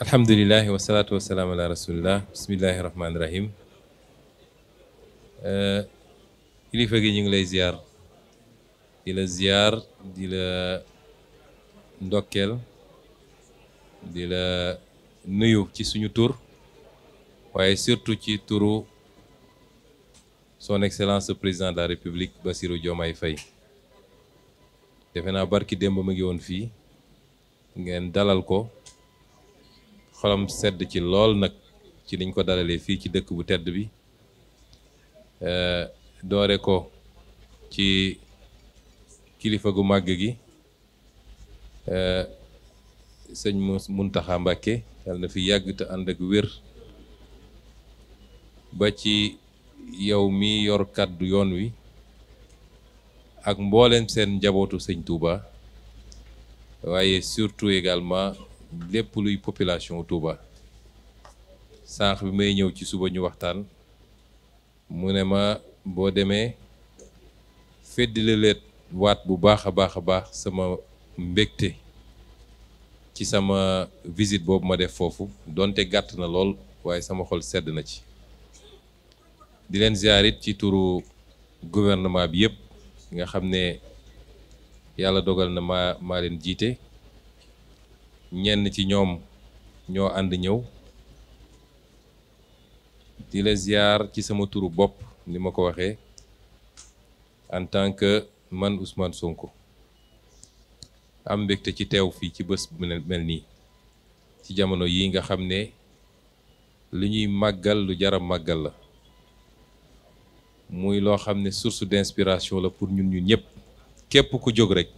alhamdulilah wasalaatu wasalaam ala rasulillah bismillahi rahmaani rahim eh, kilifa gi ñu ngi lay ziar di la ziar di la ndokkeel di la nuyu ci suñu tur waaye surtout ci turu son excellence président de la république Bassirou Diomaye Faye defe naa barki démb ma ngi woon fii ngeen dalal ko xolam sedd ci lool nag ci niñ ko dalalee fii ci dëkk bu tedd bi eh, doore ko ci kilifa gu màgg gi eh, sëñ Muntaxa Mbàkke yàlla na fi yàgg te ànd ak wér ba ci yow mi yor kàddu yoon wi ak mbooleem seen njabootu sëñ Touba waaye surtout également lépp luy population Touba sànq bi may ñëw ci suba ñu waxtaan mu ne ma boo demee feddi la leet waat bu baax a baax a baax sama mbégte ci sama visite boobu ma def foofu donte gàtt na lool waaye sama xol sedd na ci di leen ziarit ci turu gouvernement bi yëpp nga xam ne yàlla dogal na maa maa leen jiite ñenn ci ñoom ñoo ànd ñëw di la ci sama turu bopp ni ma ko waxee en tant que man Ousmane Sonko am mbégte ci teew fii ci bës bu mel nii ci jamono yi nga xam ne li ñuy màggal lu jara màggal la muy loo xam ne source d'inspiration la pour ñun ñun ñëpp képp ku jóg rek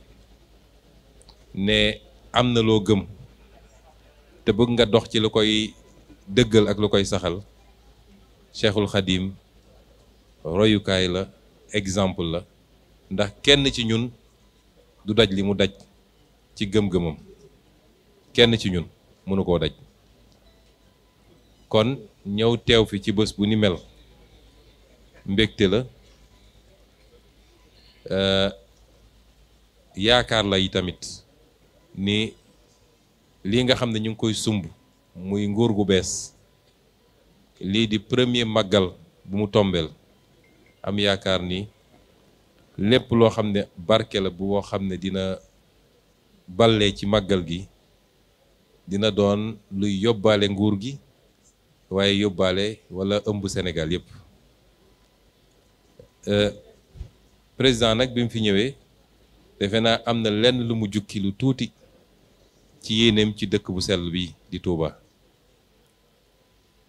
ne am na loo gëm te bëgg nga dox ci lu koy dëggal ak lu koy saxal Cheikhul Khadim royukaay la exemple la ndax kenn ci ñun du daj li mu daj ci gëm-gëmam kenn ci ñun mënu koo daj kon ñëw teew fi ci bés bu ni mel mbégte la yaakaar la yi tamit ni lii nga xam ne ñu ngi koy sumb muy nguur gu bees lii di premier màggal bu mu tombeel am yaakaar ni lépp loo xam ne barke la bu woo xam ne dina ballee ci màggal gi dina doon luy yóbbaale nguur gi waaye yóbbaale walla ëmb Sénégal yépp euh, président nag bi mu fi ñëwee defe naa am na lenn lu mu jukki lu tuuti ci yéeneem ci dëkk bu sell bi di Touba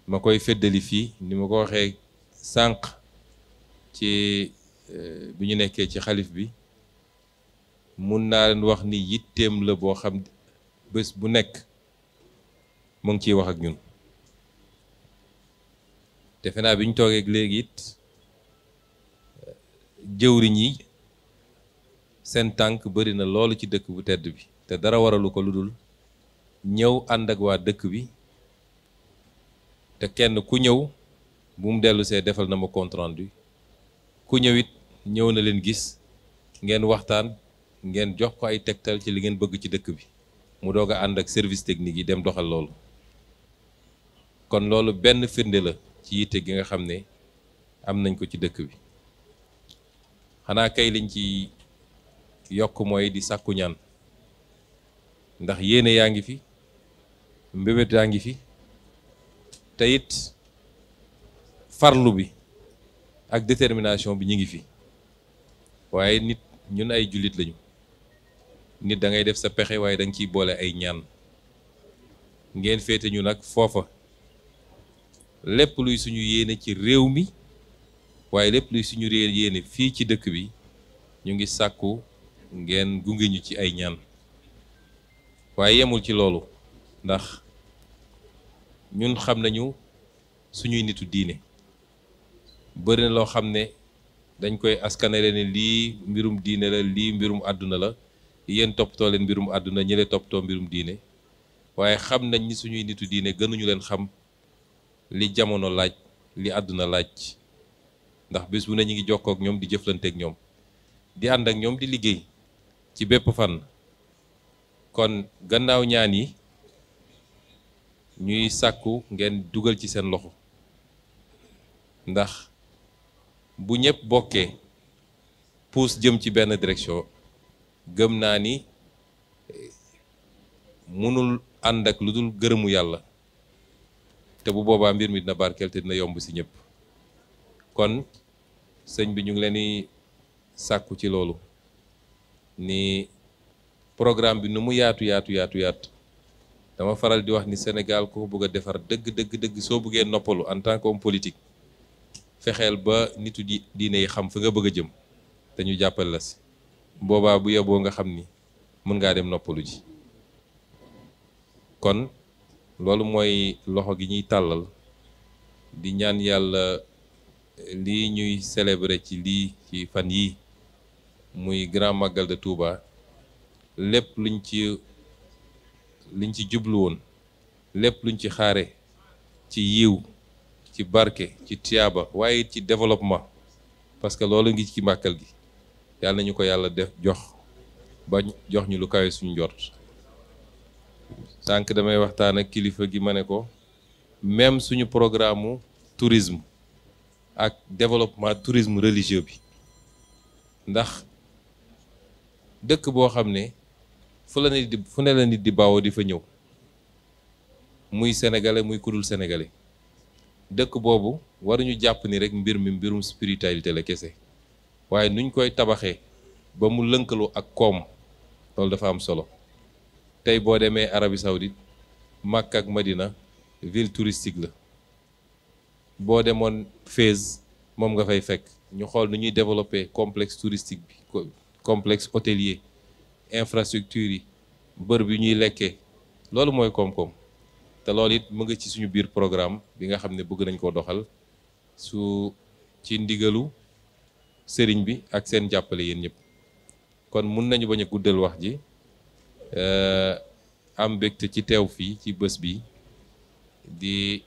ma koy feddali fii ni ma ko waxee sànq ci eh, bi ñu nekkee ci xalif bi mun naa leen wax ni yitteem la boo xam bés bu nekk mu ngi ciy wax ak ñun defe naa bi ñu toogee léegi it eh, jëwriñ yi seen tànk bari na loolu ci dëkk bu tedd bi te dara waralu ko lu dul ñëw ànd ak waa dëkk bi te kenn ku ñëw bu mu dellu see defal na ma compte bi ku ñëw it ñëw na leen gis ngeen waxtaan ngeen jox ko ay tegtal ci li ngeen bëgg ci dëkk bi mu doog a ànd ak service technique yi dem doxal loolu kon loolu benn firnde la ci yitte gi nga xam ne am nañ ko ci dëkk bi xanaa kay liñ ci yokk mooy di sàkku ndax yéene yaa ngi fi yaa ngi fi te farlu bi ak détermination bi ñu ngi fi waaye nit ñun ay jullit lañu nit dangay def sa pexe waaye da ciy boole ay ñaan ngeen féete ñu nag foofa lépp luy suñu yéene ci réew mi waaye lépp luy suñu réer yéene fii ci dëkk bi ñu ngi sàkku ngeen gunge ñu ci ay ñaan waaye yemul ci loolu ndax ñun xam nañu suñuy nitu diine bëri na loo xam ne dañ koy askanale ne lii mbirum diine la lii mbirum àdduna la yéen toppatoo leen mbirum àdduna ñi topptoo mbirum diine waaye xam nañ ni suñuy nitu diine gënuñu leen xam li jamono laaj li àdduna laaj ndax bés bu ne ñu ngi jokkook ñoom di jëflanteek ñoom di ànd ak ñoom di liggéey ci bépp fan kon gannaaw ñaan yi ñuy sakku ngeen dugal ci seen loxo ndax bu ñepp bokké pousse jëm ci benn direction gëm na ni eh, mënul ànd ak bu boba mbir mi dina barkel té dina yomb ci ñepp kon sëñ bi ñu ngi leen sakku ci lolu ni programme bi nu mu yaatu yaatu yaatu yaatu dama faral di wax ni senegal ko bëgg a defar deug deug dëgg so bëggee noppalu en tant qu'homme politique fexel ba nitu di diine xam fa nga bëgg jëm te ñu jàppale la ci boba bu yebbo nga xam ni mën nga dem noppalu ji kon lolu moy loxo gi ñuy talal di ñaan yalla li ñuy célébrer ci li ci fan yi muy grand magal de Touba lepp luñ ci liñ ci jubluwoon lépp luñ ci xaare ci yiw ci barke ci tiyaaba waaye ci développement parce que loolu ngi ci mbàkkal gi yàlla nañu ko yàlla def jox ba jox ñu lu kawe suñ njort sànq damay waxtaan ak kilifa gi ma ne ko même suñu programme tourisme ak développement tourisme religieux bi ndax dëkk boo xam ne fu la nit di fu ne la nit di bawoo di fa ñëw muy sénégalais muy kudul sénégalais dëkk boobu waruñu jàpp ni rek mbir mi mbirum spiritualité la kese waaye nuñ koy tabaxee ba mu lënkalu ak koom loolu dafa am solo tey boo demee Arabie Saoudite Makka ak Madina ville touristique la boo demoon Fès moom nga fay fekk ñu xool nu ñuy développer complexe touristique bi complexe hôtelier infrastructure yi bër lalu ñuy komkom. loolu mooy koom-koom te loolu it mu nga ci suñu biir programme bi nga xam bëgg nañ ko doxal su ci ndigalu sëriñ bi ak seen jàppale yéen ñëpp kon mun nañu bañ a guddal wax ji euh, am mbégte ci teew fii ci bés bi di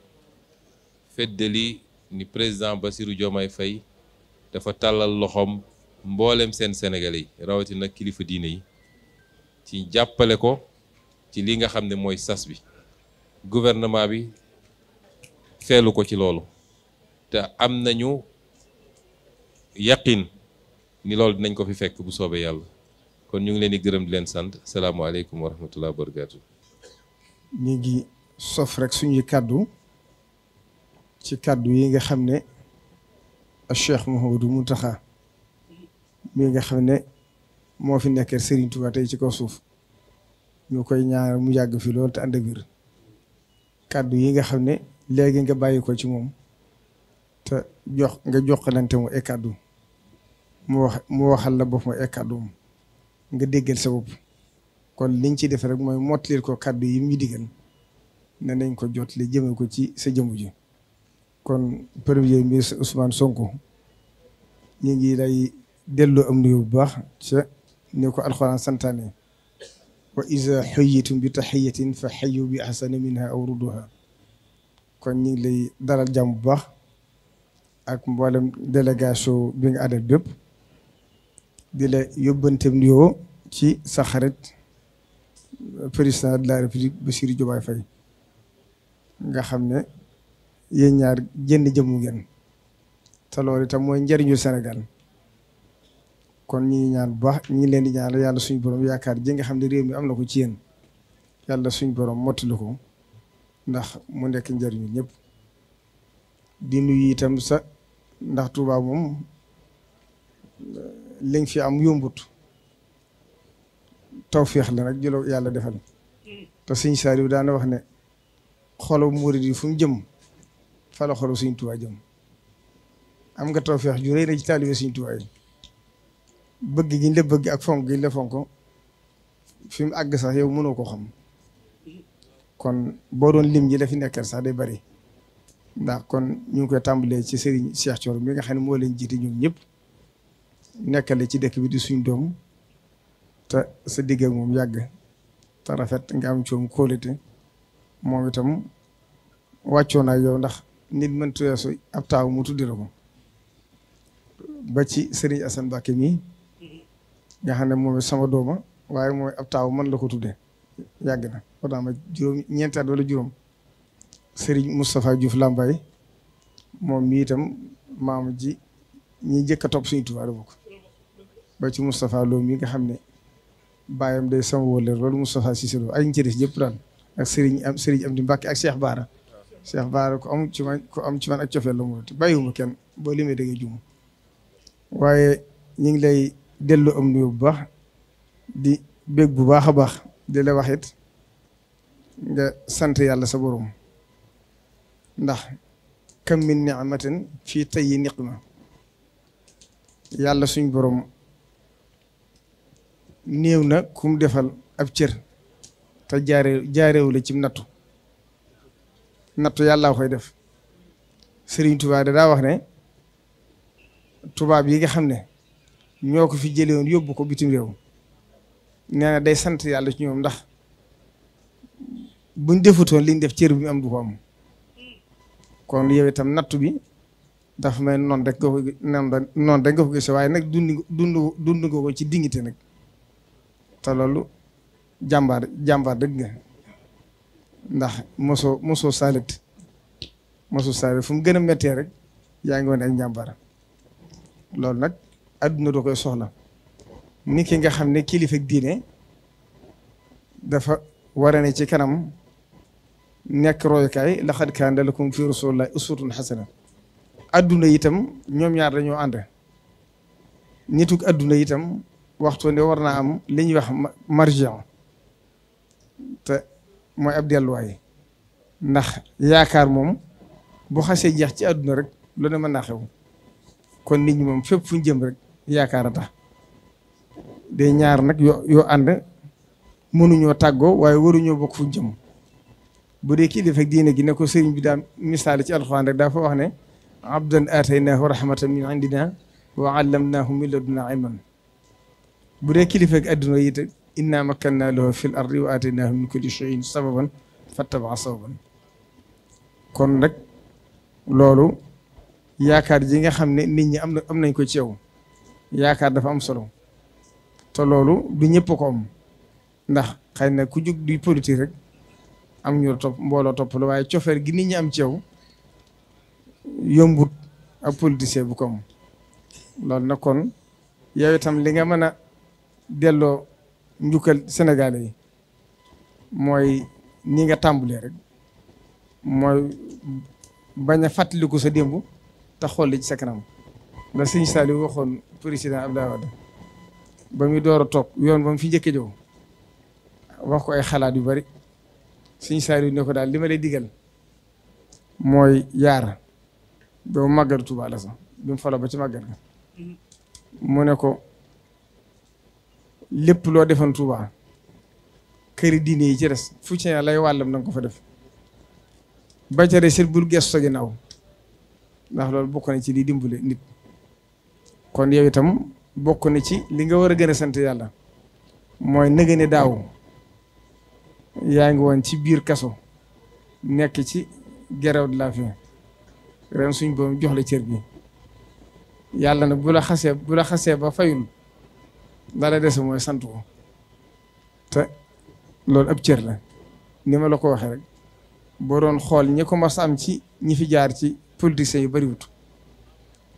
feddali ni président basiru Diomaye Faye dafa talal loxom mboolem seen Sénégalais yi rawatina kilifa diine yi ci jàppale ko ci li nga xam ne mooy sas bi gouvernement bi feelu ko ci loolu te am nañu yaqin ni loolu dinañ ko fi fekk bu soobee yàlla kon ñu ngi leen di gërëm di leen sant salaamaaleykum wa rahmatulah wa ñu ngi sof rek suñuy kàddu ci kàddu yi nga xam ne Cheikh Mouhamadou Mountakha mi nga xam ne. moo fi nekkee Serigne Touba tey ci kaw suuf ñu koy ñaar mu yàgg fi loolu te ànd ak wér kàddu yi nga xam ne léegi nga bàyyi ko ci moom te jox nga jox mu ay kàddu mu wax mu waxal la bopp mu ay kàddu nga déggal sa bopp kon liñ ci def rek mooy mottalil ko kàddu yi mu ñu digal ne nañ ko jot li jëme ko ci sa jëmm ji kon premier ministre Ousmane Sonko ñu ngi lay delloo am nuyu bu baax نكو القران سنتاني واذا حييتم بتحيه فحيوا باحسن منها او ردوها كون ني لي دارال جام باخ اك مبالم ديليغاسيو بين ادب بيب ديلا يوبنتم نيو تي سخرت بريسان لا ريبليك بشير جوباي فاي nga xamne yeen ñaar jënd jëmu gën té loolu té moy ñëriñu sénégal kon ñi ñaan bu baax ñi leen di ñaanal yàlla suñu borom yaakaar ji nga xam ne réew mi am na ko ci yéen yàlla suñu borom mottali ko ndax mu nekk njariñu ñëpp di nuyu itam sa ndax Touba moom eh, liñ fi am yombut tawféex la rek jëloo yàlla defal te sëñ Saliou daana wax ne xolo murid yi fu mu jëm fa la xolo suñu Touba jëm am nga tawféex ju rëy na ci taalibe suñu Touba yi bëgg gi ñu la bëgg ak fonk gi ñu la fonk fi mu àgg sax yow mënoo ko xam kon boo doon lim ñi la fi nekkal sax day bari ndax kon ñu ngi koy tàmbalee ci Serigne Cheikh Thior mi nga xam ne moo leen jiite ñoom ñëpp nekkale ci dëkk suñ doom te sa digg moom yàgg te rafet nga am coom kóolite moom itam wàccoo naa yow ndax nit mën tuweesu ab taaw mu tuddi ko ba ci Serigne Assane Mbacké mi nga xam ne moom sama dooma waaye mooy ab taaw man la ko tuddee yàgg na ko daama juróom ñeenti at wala juróom Serigne Moustapha Diouf Lambaye moom mi itam maam ji ñi njëkk a topp suñu Tuubaa la ba ci Moustapha Lo mi nga xam ne baayam day sama wóllare loolu Moustapha Cissé Lo ay ñu ci des yëpp ak Serigne am Serigne am di Mbàkke ak Cheikh Baara Cheikh Baara ko am ci man ko am ci ak cofeel la mu bàyyiwuma kenn boo limee da ngay juum waaye dellu am nuyu bu baax di bég bu baax a baax di waxit nga sant yàlla sa borom ndax kam min ni'matin fii tayyi niqma yàlla suñ borom néew na kum defal ab cër te jaare jaarewu ci nattu nattu yàlla koy def Sëriñ Tuubaa da daa wax ne tubaab yi nga xam ne ñoo ko fi jëlee woon yóbbu ko bitim réew nee day sant yàlla ci ñoom ndax buñ defutoon liñ def cër bi am du ko am kon yow itam nattu bi dafa may noonu rek nga ko noonu nga ko gisee waaye nag dund dund nga ko ci dignité nag te loolu jàmbaar jàmbaar dëgg ndax mosoo mosoo saalit mosoo saalit fu mu gën a mettee rek yaa ngi woon ak njàmbaar loolu nag. adduna da koy soxla ni ki nga xam ne kilifa diine dafa war a ne ci kanam nekk royukaay laqad kaana lakum fi rasulillahi uswatun xasana adduna itam ñoom ñaar dañoo ànd nitug adduna itam waxtu ne war naa am li ñuy wax margin te mooy ab delluwaay ndax yaakaar moom bu xasee jeex ci àdduna rek lu ne mën naa xew kon nit ñi moom fépp fu ñu jëm rek yaakaar a ñaar nag yo yoo ànd mënuñoo tàggoo waaye waruñoo bokk fu jëm bu kilifa diine gi ne ko sëriñ bi daan misaal ci alxuraan rek daa fa wax ne abdan aataynaahu rahmatan min indina wa allamnaahu min ladunaa ilman bu kilifa gi adduna yi te inna makkannaa lahu fi l ardi wa aataynaahu min kulli sababan fattaba sababan kon nag loolu yaakaar ji nga xam ne nit ñi am na am nañ ko ci yow yaakaar dafa am solo te loolu du ñëpp ko am ndax xëy na ku jug du politique rek am ñu topp mbooloo topp la waaye cofeer gi ni ñaam am ci yombut ak politicien bu ko am loolu nag kon yow itam li nga mën a delloo njukkal Sénégalais yi mooy nii nga tàmbulee rek mooy bañ a fàttaliku sa démb te xool li ci sa kanam. la sëñ Saliou waxoon président Abdoulaye Wade ba muy door a toog yoon ba mu fi njëkk jow wax ko ay xalaat yu bari sëñ Saliou ne ko daal li ma lay digal mooy yaar ba mu màggal Tuuba la sax bi mu falo ba ci màggal ga mu ne ko lépp loo defoon Tuuba këri diine yi ci des fu ci lay wàllam na ko fa def ba ca des bul gees sa ginnaaw ndax loolu bokk na ci liy dimbale nit kon yow itam bokk na ci li nga war a gën a sant yàlla mooy nëgë ne daaw yaa ngi woon ci biir kaso nekk ci gerew de ren suñ boobu jox la cër bi yàlla na bu la xasee bu la xasee ba fayul la la dese mooy sant ko te loolu ab cër la ni ma la ko waxee rek boo doon xool ñi ko mas am ci ñi fi jaar ci politiciens yu bariwut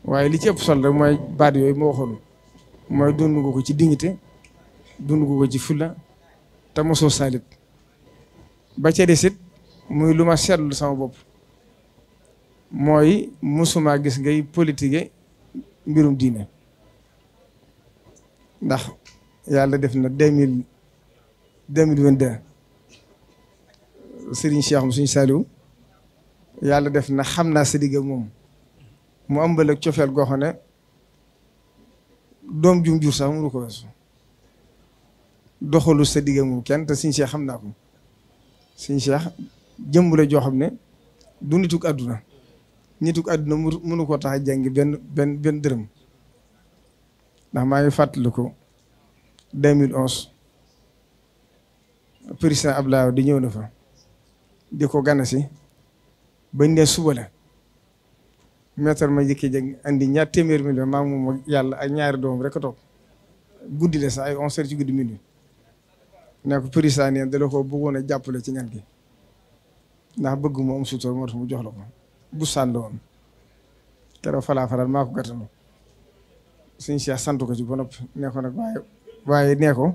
waaye li ci ëpp solo rek mooy baat yooyu moo waxoon mooy dund nga ko ci dignité dund ko ci fulla te mosoo saalit ba ca sit muy lu ma seetlu sama bopp mooy mosuma gis ngay politique mbirum diine ndax yàlla def na deux mille deux mille vingt deux Serigne Cheikh mu suñu Saliou yàlla def na xam naa sa digg moom. mu ëmbal ak cofeel goo xam ne doom jum jur sax mënu ko weesu doxalu sa digga mu kenn te Sëñ Cheikh xam naa ko Sëñ Cheikh jëmb la joo xam ne du nituk àdduna nituk àdduna mënu ko tax a jàngi benn benn benn dërëm ndax maa ngi fàttaliku 2011 président Abdoulaye di ñëw na fa di ko gane si bañ ne suba maître ma jëkkee indi andi ñaar mi million maa moom ak yàlla ak ñaari doom rek a guddi la sax ay onze heures ci guddi minuit ne ko président ne dala ko bëggoon a jàppale ci ñan gi ndax bëgg mu am suutor moo tax mu jox la ko bu sànni woon keroog falaa faral maa ko gàttanu suñ sant ko ci ba noppi ne ko nag waaye waaye nee ko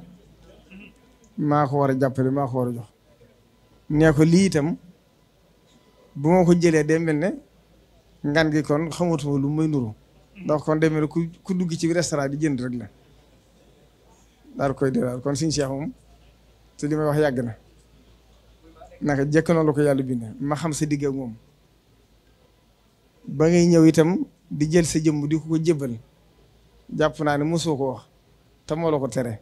maa ko war a jàppale maa ko war a jox nee ko bu ma ko jëlee day mel ngan gi kon xamatuma lu may nuru ndax kon deme ne ku dugg ci restaurant di jënd rek la daal koy delloo kon suñu Cheikh moom te li may wax yàgg na naka jekk noonu la ko yàlla bind ma xam sa digg ak moom ba ngay ñëw itam di jël sa jëmm di ko ko jëbbal jàpp naa ne mosoo ko wax te moo la ko tere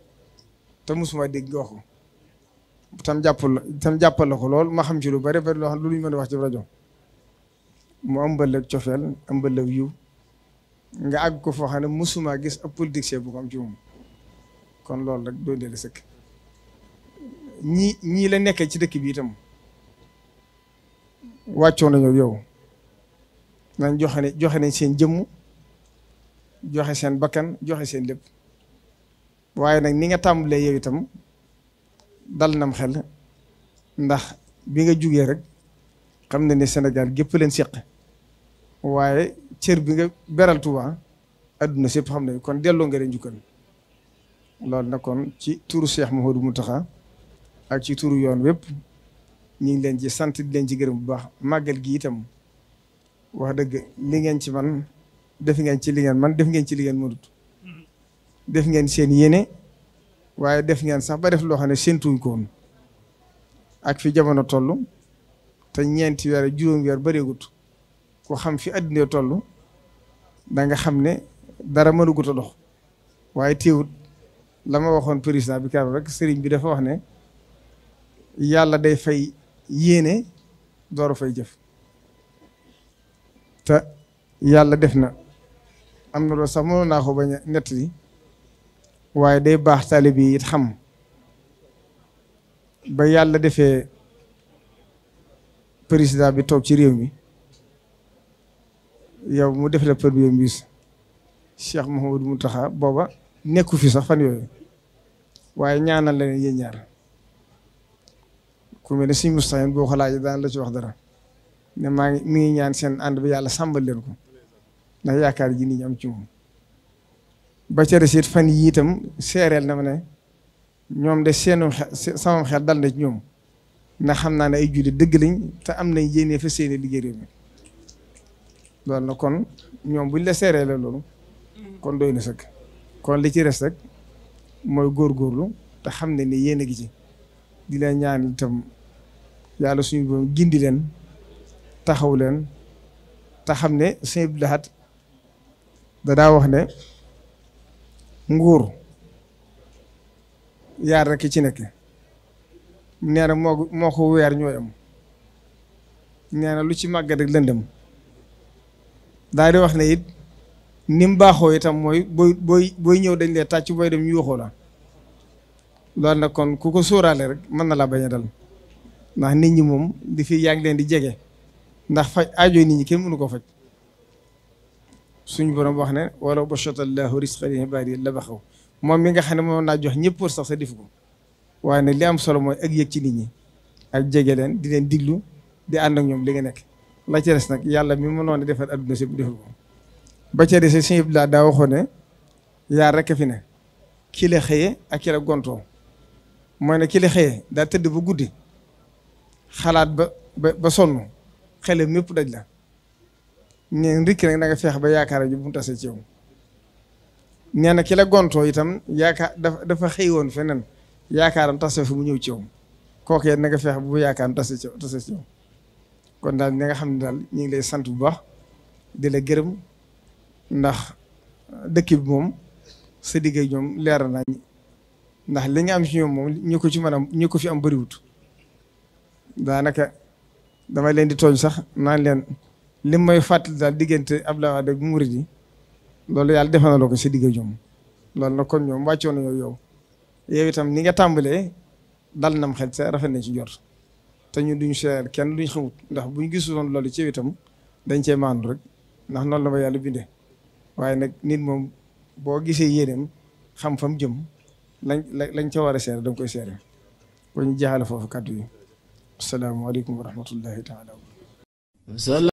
te mosuma dégg nga wax ko tam jàppal tam jàppal la ko lool ma xam ci lu bare bari loo xam lu ñu mën wax ci rajo. mu ëmbal la cofeel ëmbal la yiw nga àgg ko foo xam ne mosuma gis ab politicien bu ko am ci moom kon loolu rek doo dee la sëkk ñii ñii la nekkee ci dëkk bi itam wàccoo nañu yow nañ joxe ne joxe nañ seen jëmm joxe seen bakkan joxe seen lépp waaye nag ni nga tàmbalee yow itam dal nam xel ndax bi nga jugee rek xam na ne Sénégal gépp leen seq waaye cër bi nga beral Touba adduna sépp xam ne kon delloo nga leen jukkal loolu nag kon ci turu Cheikh mu taxa ak ci turu yoon wépp ñu ngi leen ci sant di leen ci gër bu baax màggal gi itam wax dëgg li ngeen ci man def ngeen ci li ngeen man def ngeen ci li ngeen mënut def ngeen seen yéene waaye def ngeen sax ba def loo xam ne séntuñ ko woon ak fi jamono toll te ñeenti weer juróom weer bëreegut ku xam fi àddina toll da nga xam ne dara mënugut a dox waaye teewut la ma waxoon président bi kaaru rek sëriñ bi dafa wax ne yàlla day fay yéene door a fay jëf te yàlla def na am na loolu sax mënoon naa ko bañ a waaye day baax taalibe yi it xam ba yàlla defee président bi toog ci réew mi yow mu def la premier ministre Cheikh mu Mountakha booba nekku fi sax fan yooyu waaye ñaanal la ne yéen ñaar ku mel ne si Moustapha boo ko daan la ci wax dara ne maa ngi mi ngi ñaan seen ànd bi yàlla sàmbal leen ko ndax yaakaar ji nit ñi am ci moom ba ca des it fan yii itam seereel na ma ne ñoom de seenu xel sama xel dal na ñoom ndax xam naa ne ay jullit dëgg lañ te am nañ yéene fa seeni liggéey réew lool na kon ñoom buñ la seeree la loolu kon doy na sëkk kon li ci res rek mooy góorlu te xam ne ni yéen a gi ci di leen ñaan itam yàlla suñu boom gindi leen taxaw leen te ne sëñ Abdou Lahad dadaa wax ne nguur yaar rek ci nekk nee na moo ko weer ñooy am nee na lu ci màgg rek lëndëm daal di wax ne it ni mu baaxoo itam mooy booy booy booy ñëw dañ lee tàcc booy dem ñu waxoo la loolu nag kon ku ko sóoraale rek mën na laa bañ dal ndax nit ñi moom di fi yaa leen di jege ndax faj aajooy nit ñi kenn mënu ko faj suñu borom wax ne wala bashata llahu risqa li ibaadi la baxaw moom mi nga xam ne moom naa jox ñëpp pour sax sa def ko waaye ne li am solo mooy ak yëg ci nit ñi ak jege leen di leen diglu di ànd ak ñoom li nga nekk la ca nag yàlla mi mënoon a defar adduna si defal ko ba ca des sëñ Abdou Lahad daa waxoon ne yaa rekk fi ne ki la xëye ak ki la gontoo mooy ne ki xëye daa tëdd ba guddi xalaat ba ba sonn xele mépp daj la neen rikki nag na nga feex ba yaakaar ji bu mu tase ci yow nee na ki la gontoo itam yaakaar dafa dafa xëy woon feneen yaakaaram tase fu mu ñëw ci yow kooku na nga feex bu yaakaaram tase ci tase ci kon daal ñi nga xam ne daal ñu ngi lay sant bu baax di la gërëm ndax dëkk bi moom sa liggéey ñoom leer nañ ndax li nga am ci ñoom moom ñu ko ci mën a ñu ko fi am bëriwut daanaka dama leen di tooñ sax naan leen li may fàttali daal diggante Abdoulaye Wade ak Murid yi loolu yàlla defe na ko sa liggéey ñoom loolu nag kon ñoom wàccoon nañoo yow yow itam ni nga tàmbalee dal nam xel sa rafet na ci jot. te ñu duñu seer kenn duñ xamut ndax bu ñu buñ gisuloon loolu ci itam dañ cee maandu rek ndax noonu la ma yàlla bindee waaye nag nit moom boo gisee yéeneem xam fam jëm lañ lañ ca war a seer danga koy seere ko ñu jeexale foofu kàddu yi asalaamaaleykum wa rahmatullahi taala